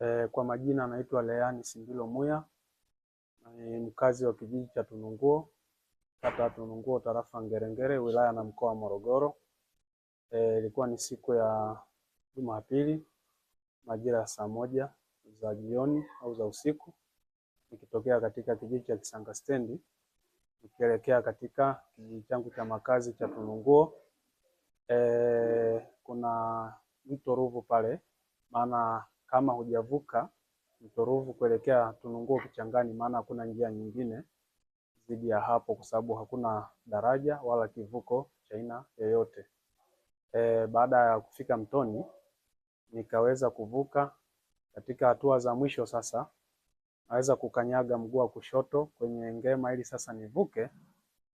E, kwa majina anaitwa Leani Sindilo Muya ni e, mkazi wa kijiji cha Tununguo kata ya Tununguo tarafa Ngerengere wilaya na mkoa wa Morogoro. Eh, ilikuwa ni siku ya Jumapili majira ya saa moja za jioni au za usiku nikitokea katika kijiji cha Kisanga Stendi nikielekea katika kijiji changu cha makazi cha Tununguo. E, kuna mto Ruvu pale maana kama hujavuka mtoruvu kuelekea Tununguo Kichangani, maana hakuna njia nyingine zidi ya hapo, kwa sababu hakuna daraja wala kivuko cha aina yoyote. E, baada ya kufika mtoni nikaweza kuvuka. Katika hatua za mwisho sasa, naweza kukanyaga mguu wa kushoto kwenye ngema ili sasa nivuke.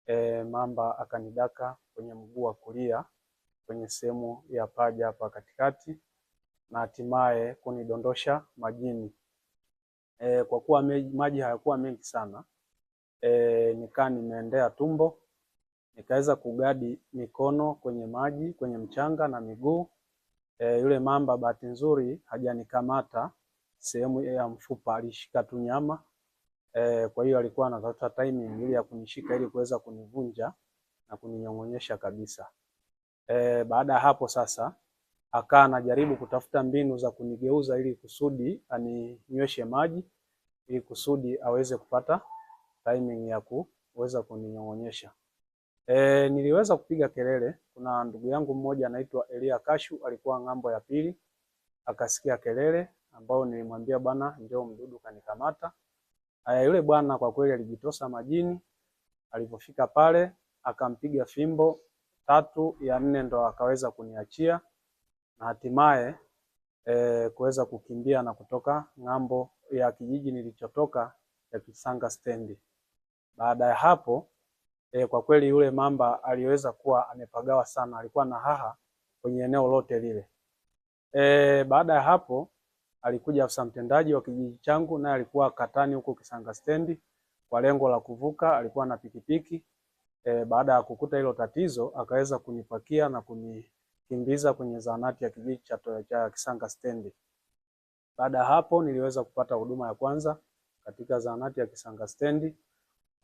E, mamba akanidaka kwenye mguu wa kulia kwenye sehemu ya paja hapa katikati na hatimaye kunidondosha majini. E, kwa kuwa maji hayakuwa mengi sana e, nikaa nimeendea tumbo nikaweza kugadi mikono kwenye maji kwenye mchanga na miguu. E, yule mamba bahati nzuri hajanikamata sehemu ya mfupa, alishika tu nyama e, kwa hiyo alikuwa anatafuta timing ili ya kunishika ili kuweza kunivunja na kuninyong'onyesha kabisa. E, baada ya hapo sasa akaa anajaribu kutafuta mbinu za kunigeuza ili kusudi aninyweshe maji ili kusudi aweze kupata timing ya kuweza kuninyong'onyesha. E, niliweza kupiga kelele. Kuna ndugu yangu mmoja anaitwa Elia Kashu alikuwa ng'ambo ya pili, akasikia kelele ambao nilimwambia bwana, njoo mdudu kanikamata. Aya, yule bwana kwa kweli alijitosa majini. Alipofika pale akampiga fimbo tatu ya nne ndo akaweza kuniachia na hatimaye e, kuweza kukimbia na kutoka ng'ambo ya kijiji nilichotoka ya Kisanga stendi. Baada ya hapo e, kwa kweli yule mamba aliweza kuwa amepagawa sana, alikuwa na haha kwenye eneo lote lile. E, baada ya hapo alikuja afisa mtendaji wa kijiji changu, naye alikuwa katani huko Kisanga stendi kwa lengo la kuvuka, alikuwa na pikipiki. E, baada ya kukuta hilo tatizo akaweza kunipakia na kuni kukimbiza kwenye zahanati ya kijiji cha Kisanga Stendi. Baada ya hapo niliweza kupata huduma ya kwanza katika zahanati ya Kisanga Stendi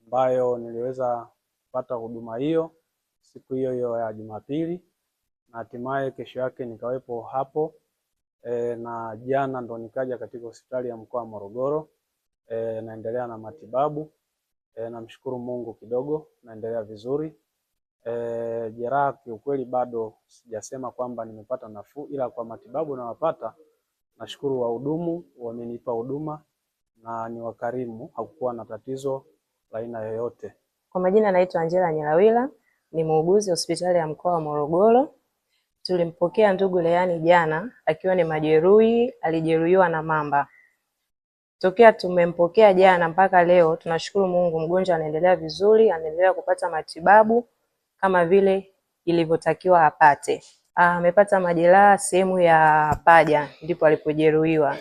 ambayo niliweza kupata huduma hiyo siku hiyo hiyo ya Jumapili na hatimaye kesho yake nikawepo hapo e, na jana ndo nikaja katika hospitali ya mkoa wa Morogoro e, naendelea na matibabu e, namshukuru Mungu kidogo naendelea vizuri. E, eh, jeraha kiukweli bado sijasema kwamba nimepata nafuu, ila kwa matibabu nawapata, nashukuru wahudumu wamenipa huduma na ni wakarimu, hakukuwa na tatizo la aina yoyote. Kwa majina naitwa Angela Nyelawila, ni muuguzi hospitali ya mkoa wa Morogoro. Tulimpokea ndugu leani jana akiwa ni majeruhi, alijeruhiwa na mamba. Tokea tumempokea jana mpaka leo, tunashukuru Mungu, mgonjwa anaendelea vizuri, anaendelea kupata matibabu kama vile ilivyotakiwa apate. Ah, amepata majeraha sehemu ya paja, ndipo alipojeruhiwa.